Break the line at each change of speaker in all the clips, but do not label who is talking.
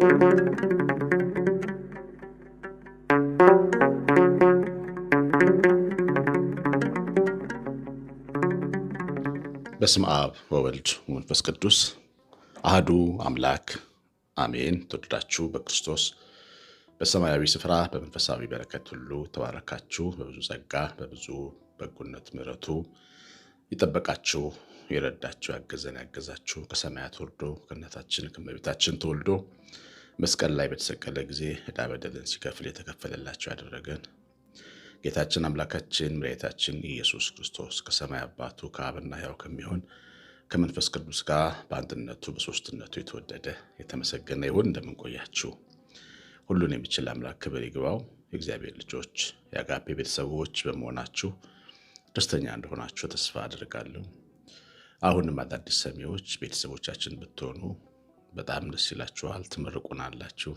በስም አብ ወወልድ መንፈስ ቅዱስ አህዱ አምላክ አሜን። ተወደዳችሁ በክርስቶስ በሰማያዊ ስፍራ በመንፈሳዊ በረከት ሁሉ ተባረካችሁ። በብዙ ጸጋ በብዙ በጎነት ምሕረቱ ይጠበቃችሁ የረዳችሁ ያገዘን ያገዛችሁ ከሰማያት ወርዶ ከእናታችን ከእመቤታችን ተወልዶ መስቀል ላይ በተሰቀለ ጊዜ ዕዳ በደልን ሲከፍል የተከፈለላቸው ያደረገን ጌታችን አምላካችን መድኃኒታችን ኢየሱስ ክርስቶስ ከሰማይ አባቱ ከአብና ሕያው ከሚሆን ከመንፈስ ቅዱስ ጋር በአንድነቱ በሶስትነቱ የተወደደ የተመሰገነ ይሁን። እንደምንቆያችሁ ሁሉን የሚችል አምላክ ክብር ይግባው። የእግዚአብሔር ልጆች የአጋፔ ቤተሰቦች በመሆናችሁ ደስተኛ እንደሆናችሁ ተስፋ አድርጋለሁ። አሁንም አዳዲስ ሰሚዎች ቤተሰቦቻችን ብትሆኑ በጣም ደስ ይላችኋል፣ ትመርቁን አላችሁ።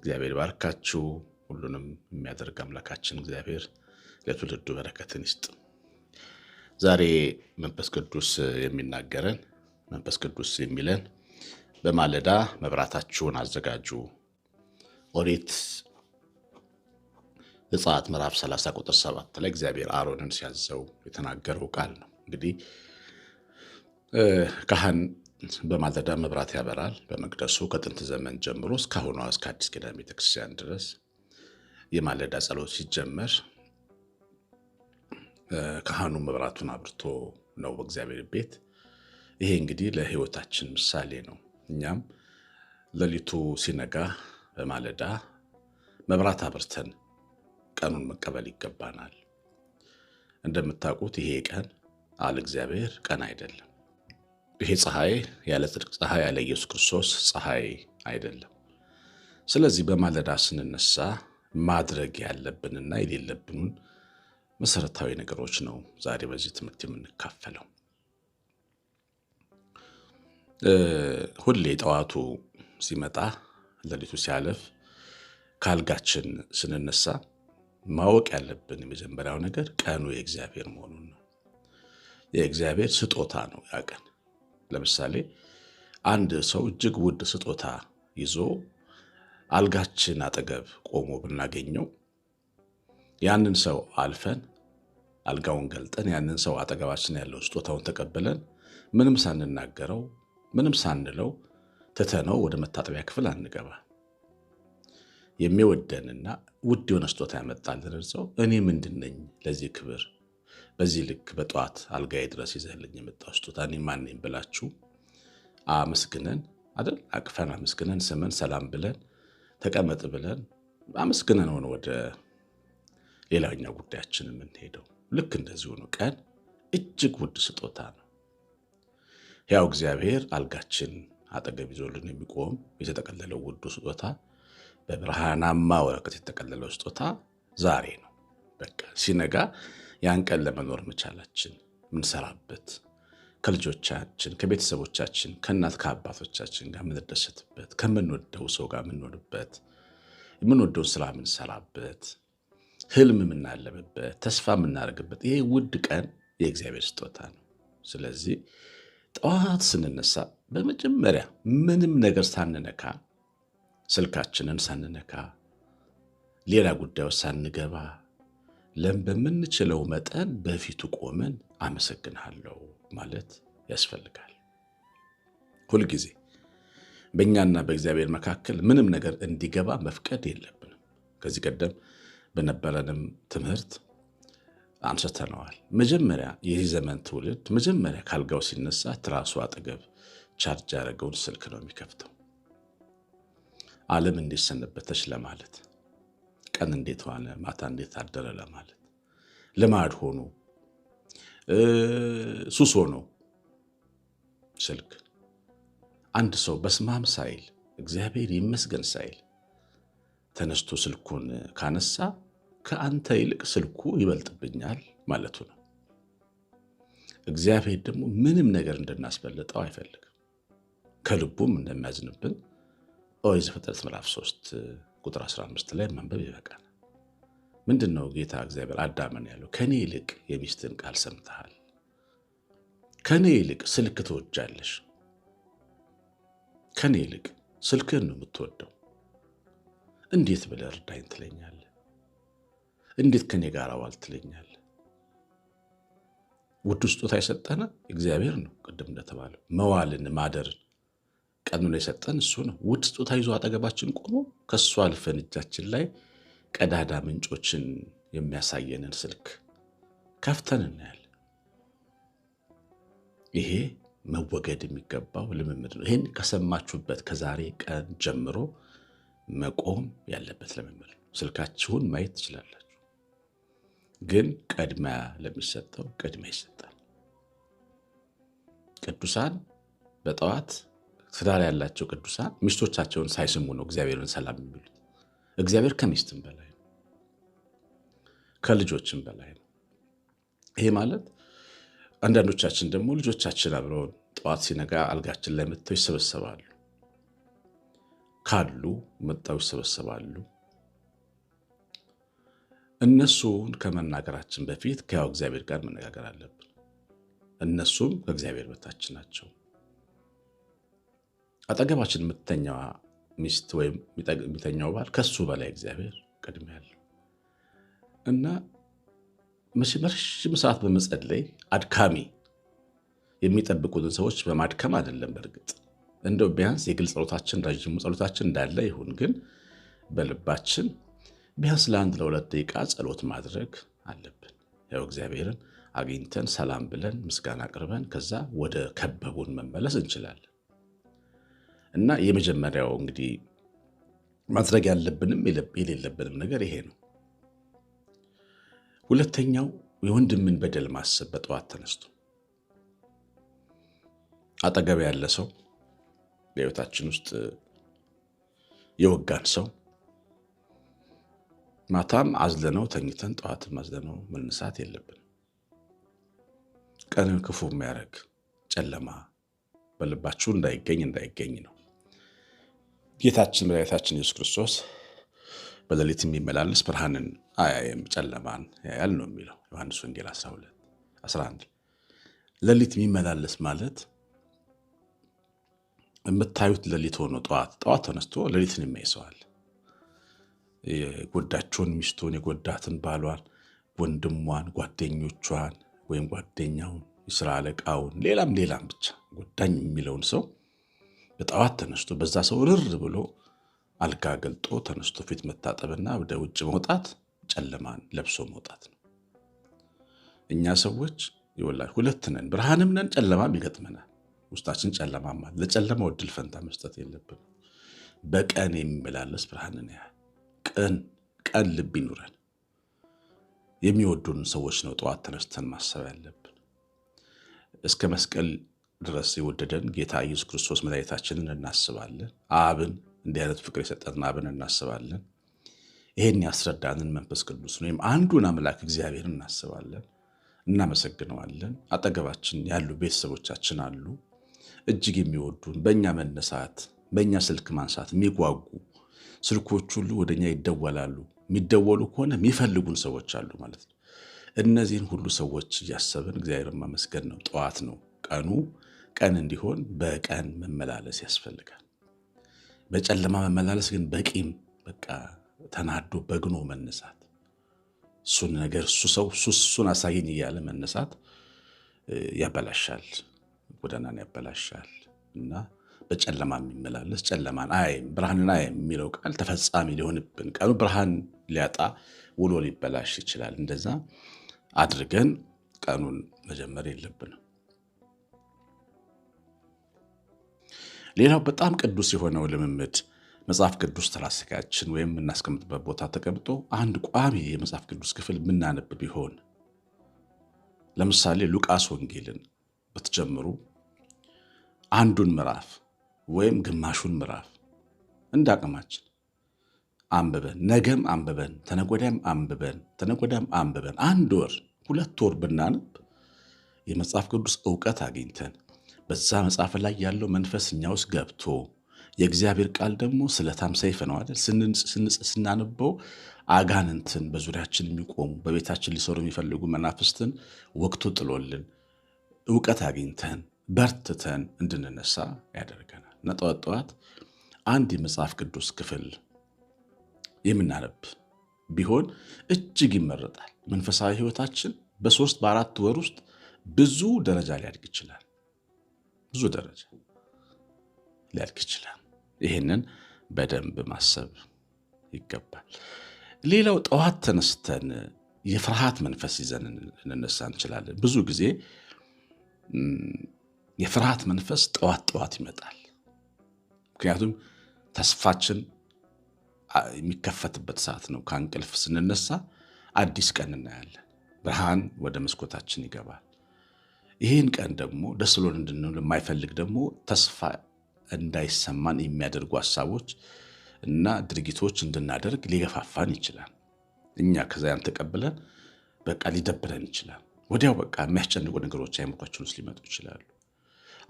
እግዚአብሔር ባርካችሁ። ሁሉንም የሚያደርግ አምላካችን እግዚአብሔር ለትውልዱ በረከትን ይስጥ። ዛሬ መንፈስ ቅዱስ የሚናገረን መንፈስ ቅዱስ የሚለን በማለዳ መብራታችሁን አዘጋጁ። ኦሪት ዘጸአት ምዕራፍ 30 ቁጥር 7 ላይ እግዚአብሔር አሮንን ሲያዘው የተናገረው ቃል ነው። እንግዲህ ካህን በማለዳ መብራት ያበራል። በመቅደሱ ከጥንት ዘመን ጀምሮ እስካሁኗ እስከ አዲስ ኪዳን ቤተክርስቲያን ድረስ የማለዳ ጸሎት ሲጀመር ካህኑ መብራቱን አብርቶ ነው በእግዚአብሔር ቤት። ይሄ እንግዲህ ለሕይወታችን ምሳሌ ነው። እኛም ሌሊቱ ሲነጋ በማለዳ መብራት አብርተን ቀኑን መቀበል ይገባናል። እንደምታውቁት ይሄ ቀን አለ እግዚአብሔር ቀን አይደለም። ይሄ ፀሐይ ያለ ጽድቅ ፀሐይ ያለ ኢየሱስ ክርስቶስ ፀሐይ አይደለም። ስለዚህ በማለዳ ስንነሳ ማድረግ ያለብንና የሌለብንን መሰረታዊ ነገሮች ነው ዛሬ በዚህ ትምህርት የምንካፈለው። ሁሌ ጠዋቱ ሲመጣ ሌሊቱ ሲያለፍ ካልጋችን ስንነሳ ማወቅ ያለብን የመጀመሪያው ነገር ቀኑ የእግዚአብሔር መሆኑን ነው። የእግዚአብሔር ስጦታ ነው ያ ቀን ለምሳሌ አንድ ሰው እጅግ ውድ ስጦታ ይዞ አልጋችን አጠገብ ቆሞ ብናገኘው ያንን ሰው አልፈን አልጋውን ገልጠን ያንን ሰው አጠገባችን ያለው ስጦታውን ተቀብለን ምንም ሳንናገረው ምንም ሳንለው ትተነው ወደ መታጠቢያ ክፍል አንገባ። የሚወደንና ውድ የሆነ ስጦታ ያመጣልን ሰው እኔ ምንድነኝ ለዚህ ክብር በዚህ ልክ በጠዋት አልጋዬ ድረስ ይዘህልኝ የመጣው ስጦታ እኔ ማንም ብላችሁ አመስግነን አይደል አቅፈን አመስግነን ስምን ሰላም ብለን ተቀመጥ ብለን አመስግነን ሆነ ወደ ሌላኛው ጉዳያችን የምንሄደው። ልክ እንደዚሁ ነው። ቀን እጅግ ውድ ስጦታ ነው። ያው እግዚአብሔር አልጋችን አጠገብ ይዞልን የሚቆም የተጠቀለለው ውዱ ስጦታ በብርሃናማ ወረቀት የተጠቀለለው ስጦታ ዛሬ ነው። በቃ ሲነጋ ያን ቀን ለመኖር መቻላችን ምንሰራበት ከልጆቻችን ከቤተሰቦቻችን ከእናት ከአባቶቻችን ጋር የምንደሰትበት ከምንወደው ሰው ጋር የምንሆንበት የምንወደውን ስራ የምንሰራበት ህልም የምናለምበት ተስፋ የምናደርግበት ይሄ ውድ ቀን የእግዚአብሔር ስጦታ ነው። ስለዚህ ጠዋት ስንነሳ በመጀመሪያ ምንም ነገር ሳንነካ ስልካችንን ሳንነካ ሌላ ጉዳዮች ሳንገባ ለም በምንችለው መጠን በፊቱ ቆመን አመሰግንሃለሁ ማለት ያስፈልጋል። ሁልጊዜ በእኛና በእግዚአብሔር መካከል ምንም ነገር እንዲገባ መፍቀድ የለብንም። ከዚህ ቀደም በነበረንም ትምህርት አንስተነዋል። መጀመሪያ የዚህ ዘመን ትውልድ መጀመሪያ ካልጋው ሲነሳ ትራሱ አጠገብ ቻርጅ ያደረገውን ስልክ ነው የሚከፍተው ዓለም እንዲሰነበተች ለማለት ቀን እንዴት ዋለ፣ ማታ እንዴት አደረ ለማለት ልማድ ሆኖ ሱስ ሆኖ ስልክ አንድ ሰው በስማም ሳይል እግዚአብሔር ይመስገን ሳይል ተነስቶ ስልኩን ካነሳ ከአንተ ይልቅ ስልኩ ይበልጥብኛል ማለቱ ነው። እግዚአብሔር ደግሞ ምንም ነገር እንድናስበልጠው አይፈልግም። ከልቡም እንደሚያዝንብን ኦሪት ዘፍጥረት ምዕራፍ ሶስት ቁጥር 15 ላይ ማንበብ ይበቃል። ምንድን ነው ጌታ እግዚአብሔር አዳምን ያለው? ከእኔ ይልቅ የሚስትን ቃል ሰምተሃል። ከእኔ ይልቅ ስልክ ትወጃለሽ። ከእኔ ይልቅ ስልክህን ነው የምትወደው። እንዴት ብለህ እርዳኝ ትለኛለህ? እንዴት ከእኔ ጋር ዋል ትለኛለህ? ውድ ስጦታ የሰጠነ እግዚአብሔር ነው። ቅድም እንደተባለው መዋልን ማደርን ቀድሞ የሰጠን እሱ ነው። ውድ ስጦታ ይዞ አጠገባችን ቆሞ ከእሱ አልፈን እጃችን ላይ ቀዳዳ ምንጮችን የሚያሳየንን ስልክ ከፍተን እናያለን። ይሄ መወገድ የሚገባው ልምምድ ነው። ይህን ከሰማችሁበት ከዛሬ ቀን ጀምሮ መቆም ያለበት ልምምድ ነው። ስልካችሁን ማየት ትችላላችሁ፣ ግን ቅድሚያ ለሚሰጠው ቅድሚያ ይሰጣል። ቅዱሳን በጠዋት ትዳር ያላቸው ቅዱሳን ሚስቶቻቸውን ሳይስሙ ነው እግዚአብሔርን ሰላም የሚሉት። እግዚአብሔር ከሚስትም በላይ ነው፣ ከልጆችም በላይ ነው። ይሄ ማለት አንዳንዶቻችን ደግሞ ልጆቻችን አብረውን ጠዋት ሲነጋ አልጋችን ላይ መጥተው ይሰበሰባሉ፣ ካሉ መጥተው ይሰበሰባሉ። እነሱን ከመናገራችን በፊት ከያው እግዚአብሔር ጋር መነጋገር አለብን። እነሱም ከእግዚአብሔር በታች ናቸው። አጠገባችን የምትተኛዋ ሚስት ወይም የሚተኛው ባል ከሱ በላይ እግዚአብሔር ቅድሚያ ያለው እና መሽመርሽም ሰዓት በመጸለይ አድካሚ የሚጠብቁትን ሰዎች በማድከም አይደለም። በእርግጥ እንደው ቢያንስ የግል ጸሎታችን ረዥሙ ጸሎታችን እንዳለ ይሁን፣ ግን በልባችን ቢያንስ ለአንድ ለሁለት ደቂቃ ጸሎት ማድረግ አለብን። ያው እግዚአብሔርን አግኝተን ሰላም ብለን ምስጋና አቅርበን ከዛ ወደ ከበቡን መመለስ እንችላለን። እና የመጀመሪያው እንግዲህ ማድረግ ያለብንም የሌለብንም ነገር ይሄ ነው። ሁለተኛው የወንድምን በደል ማሰብ በጠዋት ተነስቶ አጠገብ ያለ ሰው በህይወታችን ውስጥ የወጋን ሰው ማታም አዝለነው ተኝተን ጠዋትም አዝለነው መነሳት የለብንም። ቀንን ክፉ የሚያደርግ ጨለማ በልባችሁ እንዳይገኝ እንዳይገኝ ነው። ጌታችን መድኃኒታችን ኢየሱስ ክርስቶስ በሌሊት የሚመላለስ ብርሃንን አያየም፣ ጨለማን ያያል ነው የሚለው ዮሐንስ ወንጌል 11 ሌሊት የሚመላለስ ማለት የምታዩት ሌሊት ሆኖ ጠዋት ጠዋት ተነስቶ ሌሊትን የሚያይሰዋል የጎዳቸውን ሚስቱን የጎዳትን ባሏን፣ ወንድሟን፣ ጓደኞቿን ወይም ጓደኛውን፣ የስራ አለቃውን፣ ሌላም ሌላም ብቻ ጎዳኝ የሚለውን ሰው በጠዋት ተነስቶ በዛ ሰው ርር ብሎ አልጋ ገልጦ ተነስቶ ፊት መታጠብና ወደ ውጭ መውጣት ጨለማን ለብሶ መውጣት ነው። እኛ ሰዎች ይወላ ሁለት ነን፣ ብርሃንም ነን፣ ጨለማም ይገጥመናል። ውስጣችን ጨለማ ማለት ለጨለማው እድል ፈንታ መስጠት የለብን። በቀን የሚመላለስ ብርሃንን ያህል ቀን ቀን ልብ ይኑረን። የሚወዱን ሰዎች ነው ጠዋት ተነስተን ማሰብ ያለብን እስከ መስቀል ድረስ የወደደን ጌታ ኢየሱስ ክርስቶስ መድኃኒታችንን እናስባለን። አብን እንዲህ አይነት ፍቅር የሰጠትን አብን እናስባለን። ይሄን ያስረዳንን መንፈስ ቅዱስ ወይም አንዱን አምላክ እግዚአብሔርን እናስባለን፣ እናመሰግነዋለን። አጠገባችን ያሉ ቤተሰቦቻችን አሉ፣ እጅግ የሚወዱን በእኛ መነሳት፣ በእኛ ስልክ ማንሳት የሚጓጉ ስልኮች ሁሉ ወደ እኛ ይደወላሉ። የሚደወሉ ከሆነ የሚፈልጉን ሰዎች አሉ ማለት ነው። እነዚህን ሁሉ ሰዎች እያሰብን እግዚአብሔርን ማመስገን ነው። ጠዋት ነው ቀኑ ቀን እንዲሆን በቀን መመላለስ ያስፈልጋል። በጨለማ መመላለስ ግን በቂም በቃ ተናዶ በግኖ መነሳት እሱን ነገር እሱ ሰው እሱን አሳየኝ እያለ መነሳት ያበላሻል፣ ጎዳናን ያበላሻል እና በጨለማ የሚመላለስ ጨለማን አይም ብርሃንን አይም የሚለው ቃል ተፈጻሚ ሊሆንብን ቀኑ ብርሃን ሊያጣ ውሎ ሊበላሽ ይችላል። እንደዛ አድርገን ቀኑን መጀመር የለብንም። ሌላው በጣም ቅዱስ የሆነው ልምምድ መጽሐፍ ቅዱስ ትራስካችን ወይም የምናስቀምጥበት ቦታ ተቀምጦ አንድ ቋሚ የመጽሐፍ ቅዱስ ክፍል የምናነብ ቢሆን ለምሳሌ ሉቃስ ወንጌልን ብትጀምሩ አንዱን ምዕራፍ ወይም ግማሹን ምዕራፍ እንዳቅማችን አንብበን ነገም አንብበን ተነጎዳም አንብበን ተነጎዳም አንብበን አንድ ወር ሁለት ወር ብናነብ የመጽሐፍ ቅዱስ እውቀት አግኝተን በዛ መጽሐፍ ላይ ያለው መንፈስ እኛ ውስጥ ገብቶ የእግዚአብሔር ቃል ደግሞ ስለታም ሰይፍ ነው አይደል? ስናነበው አጋንንትን፣ በዙሪያችን የሚቆሙ በቤታችን ሊሰሩ የሚፈልጉ መናፍስትን ወቅቱ ጥሎልን እውቀት አግኝተን በርትተን እንድንነሳ ያደርገናል እና ጠዋት ጠዋት አንድ የመጽሐፍ ቅዱስ ክፍል የምናነብ ቢሆን እጅግ ይመረጣል። መንፈሳዊ ሕይወታችን በሶስት በአራት ወር ውስጥ ብዙ ደረጃ ሊያድግ ይችላል። ብዙ ደረጃ ሊያልቅ ይችላል። ይህንን በደንብ ማሰብ ይገባል። ሌላው ጠዋት ተነስተን የፍርሃት መንፈስ ይዘን ልንነሳ እንችላለን። ብዙ ጊዜ የፍርሃት መንፈስ ጠዋት ጠዋት ይመጣል። ምክንያቱም ተስፋችን የሚከፈትበት ሰዓት ነው። ከእንቅልፍ ስንነሳ አዲስ ቀን እናያለን። ብርሃን ወደ መስኮታችን ይገባል። ይህን ቀን ደግሞ ደስ ብሎን እንድንል የማይፈልግ ደግሞ ተስፋ እንዳይሰማን የሚያደርጉ ሀሳቦች እና ድርጊቶች እንድናደርግ ሊገፋፋን ይችላል። እኛ ከዛ ያን ተቀብለን በቃ ሊደብረን ይችላል። ወዲያው በቃ የሚያስጨንቁ ነገሮች አይምሯችን ውስጥ ሊመጡ ይችላሉ።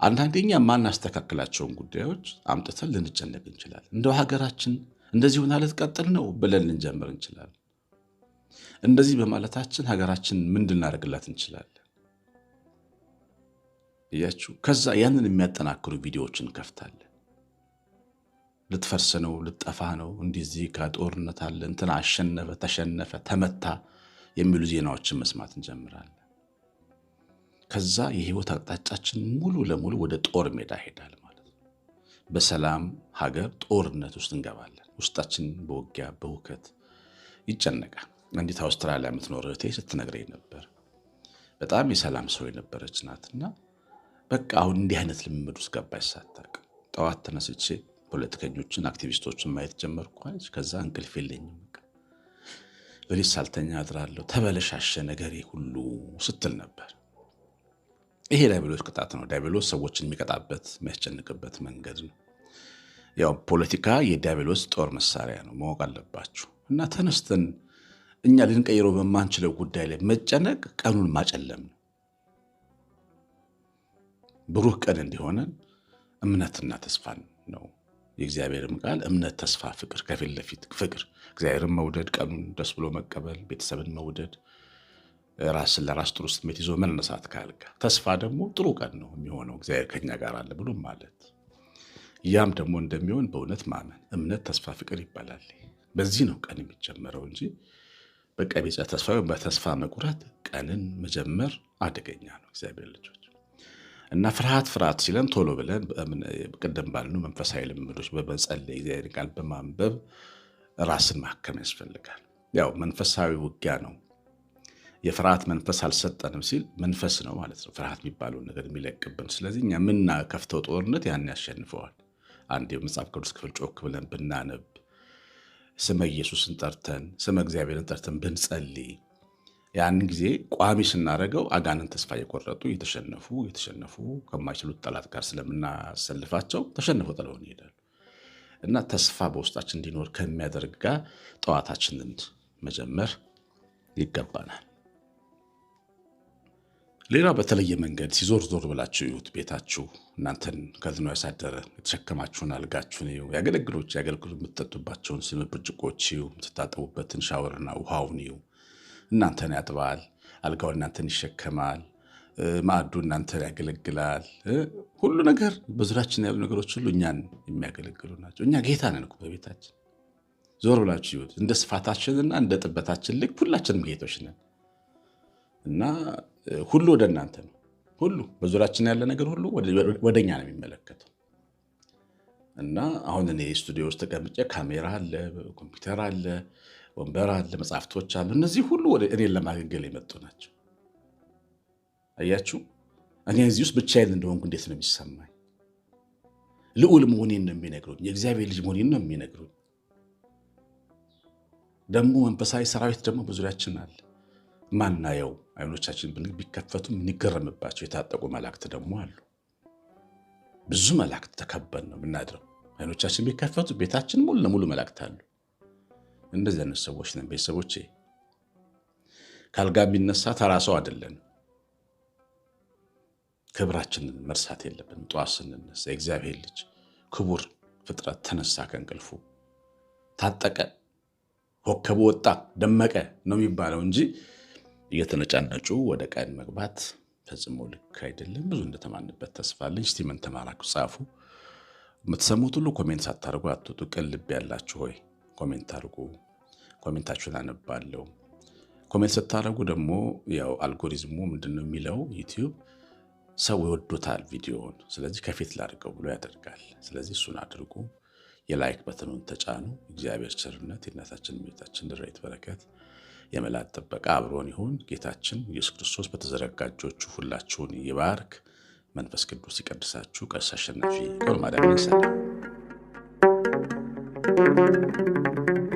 አንዳንዴ እኛ ማናስተካክላቸውን ጉዳዮች አምጥተን ልንጨነቅ እንችላለን። እንደ ሀገራችን እንደዚህ ሆና ልትቀጥል ነው ብለን ልንጀምር እንችላለን። እንደዚህ በማለታችን ሀገራችን ምን ልናደርግላት እንችላለን? እያችሁ ከዛ ያንን የሚያጠናክሩ ቪዲዮዎችን ከፍታለ። ልትፈርስ ነው፣ ልጠፋ ነው፣ እንዲዚህ ከጦርነት አለ እንትን አሸነፈ፣ ተሸነፈ፣ ተመታ የሚሉ ዜናዎችን መስማት እንጀምራለን። ከዛ የህይወት አቅጣጫችን ሙሉ ለሙሉ ወደ ጦር ሜዳ ሄዳል ማለት ነው። በሰላም ሀገር ጦርነት ውስጥ እንገባለን። ውስጣችን በውጊያ በውከት ይጨነቃል። አንዲት አውስትራሊያ የምትኖር እህቴ ስትነግረኝ ነበር። በጣም የሰላም ሰው የነበረች ናትና በቃ አሁን እንዲህ አይነት ልምምድ ውስጥ ገባች ሳታውቅ። ጠዋት ተነስቼ ፖለቲከኞችን አክቲቪስቶችን ማየት ጀመርኩ። ከዛ እንቅልፍ የለኝም በሌት ሳልተኛ አድራለሁ። ተበለሻሸ ነገሬ ሁሉ ስትል ነበር። ይሄ ዲያብሎስ ቅጣት ነው። ዲያብሎስ ሰዎችን የሚቀጣበት የሚያስጨንቅበት መንገድ ነው። ያው ፖለቲካ የዲያብሎስ ጦር መሳሪያ ነው፣ ማወቅ አለባችሁ። እና ተነስተን እኛ ልንቀይረው በማንችለው ጉዳይ ላይ መጨነቅ ቀኑን ማጨለም ነው። ብሩህ ቀን እንዲሆነን እምነትና ተስፋን ነው። የእግዚአብሔርም ቃል እምነት፣ ተስፋ፣ ፍቅር ከፊት ለፊት ፍቅር፣ እግዚአብሔርን መውደድ፣ ቀኑን ደስ ብሎ መቀበል፣ ቤተሰብን መውደድ፣ ራስን ለራስ ጥሩ ስሜት ይዞ መነሳት ካልጋ። ተስፋ ደግሞ ጥሩ ቀን ነው የሚሆነው እግዚአብሔር ከኛ ጋር አለ ብሎ ማለት ያም ደግሞ እንደሚሆን በእውነት ማመን እምነት፣ ተስፋ፣ ፍቅር ይባላል። በዚህ ነው ቀን የሚጀመረው እንጂ በቀቢጸ ተስፋ በተስፋ መቁረጥ ቀንን መጀመር አደገኛ ነው። እግዚአብሔር ልጆች እና ፍርሃት ፍርሃት ሲለን ቶሎ ብለን ቅድም ባልነው መንፈሳዊ ልምዶች በመጸለይ እግዚአብሔር ቃል በማንበብ ራስን ማከም ያስፈልጋል። ያው መንፈሳዊ ውጊያ ነው። የፍርሃት መንፈስ አልሰጠንም ሲል መንፈስ ነው ማለት ነው፣ ፍርሃት የሚባለውን ነገር የሚለቅብን። ስለዚህ እኛ የምናከፍተው ጦርነት ያን ያሸንፈዋል። አንድ የመጽሐፍ ቅዱስ ክፍል ጮክ ብለን ብናነብ፣ ስመ ኢየሱስን ጠርተን ስመ እግዚአብሔርን ጠርተን ብንጸልይ ያን ጊዜ ቋሚ ስናደርገው አጋንን ተስፋ የቆረጡ የተሸነፉ የተሸነፉ ከማይችሉት ጠላት ጋር ስለምናሰልፋቸው ተሸንፎ ጥለውን ይሄዳሉ እና ተስፋ በውስጣችን እንዲኖር ከሚያደርግ ጋር ጠዋታችንን መጀመር ይገባናል። ሌላ በተለየ መንገድ ሲዞር ዞር ብላችሁ ይሁት ቤታችሁ እናንተን ከዝኖ ያሳደረ የተሸከማችሁን አልጋችሁን እዩ። የአገልግሎች የአገልግሎት የምትጠጡባቸውን ስም ብርጭቆች እዩ። የምትታጠቡበትን ሻወርና ውሃውን እዩ። እናንተን ያጥባል፣ አልጋው እናንተን ይሸከማል፣ ማዕዱ እናንተን ያገለግላል። ሁሉ ነገር በዙሪያችን ያሉ ነገሮች ሁሉ እኛን የሚያገለግሉ ናቸው። እኛ ጌታ ነን እኮ በቤታችን። ዞር ብላችሁ ይሁት እንደ ስፋታችንና እንደ ጥበታችን ልክ ሁላችንም ጌቶች ነን እና ሁሉ ወደ እናንተ ነው። ሁሉ በዙሪያችን ያለ ነገር ሁሉ ወደ እኛ ነው የሚመለከተው እና አሁን እኔ ስቱዲዮ ውስጥ ተቀምጬ ካሜራ አለ፣ ኮምፒውተር አለ ወንበር አለ፣ መጽሐፍቶች አሉ። እነዚህ ሁሉ ወደ እኔን ለማገልገል የመጡ ናቸው። አያችሁ፣ እኔ እዚህ ውስጥ ብቻዬን እንደሆንኩ እንዴት ነው የሚሰማኝ? ልዑል መሆኔን ነው የሚነግሩኝ። የእግዚአብሔር ልጅ መሆኔን ነው የሚነግሩኝ። ደግሞ መንፈሳዊ ሰራዊት ደግሞ በዙሪያችን አለ። ማናየው አይኖቻችን ቢከፈቱ የምንገረምባቸው የታጠቁ መላእክት ደግሞ አሉ። ብዙ መላእክት ተከበን ነው የምናድረው። አይኖቻችን ቢከፈቱ ቤታችን ሙሉ ለሙሉ መላእክት አሉ። እንደዚህ አይነት ሰዎች ነን ቤተሰቦቼ። ካልጋ ቢነሳ ተራ ሰው አይደለን። ክብራችንን መርሳት የለብን። ጠዋት ስንነሳ የእግዚአብሔር ልጅ ክቡር ፍጥረት ተነሳ ከእንቅልፉ ታጠቀ፣ ኮከቡ ወጣ፣ ደመቀ ነው የሚባለው እንጂ እየተነጫነጩ ወደ ቀን መግባት ፈጽሞ ልክ አይደለም። ብዙ እንደተማንበት ተስፋ አለኝ። እስቲ ምን ተማራችሁ? ጻፉ። የምትሰሙት ሁሉ ኮሜንት ሳታደርጉ አትውጡ። ቅን ልብ ያላችሁ ሆይ ኮሜንት አድርጉ። ኮሜንታችሁን አነባለሁ። ኮሜንት ስታደርጉ ደግሞ ያው አልጎሪዝሙ ምንድነው የሚለው ዩቲዩብ ሰው ይወዱታል ቪዲዮውን፣ ስለዚህ ከፊት ላድርገው ብሎ ያደርጋል። ስለዚህ እሱን አድርጉ። የላይክ በተኑን ተጫኑ። እግዚአብሔር ቸርነት የእናታችን ቤታችን ድረት በረከት የመላት ጥበቃ አብሮን ይሁን። ጌታችን ኢየሱስ ክርስቶስ በተዘረጋጆቹ ሁላችሁን ይባርክ። መንፈስ ቅዱስ ይቀድሳችሁ። ቀሲስ አሸናፊ ይሰላል። Thank you.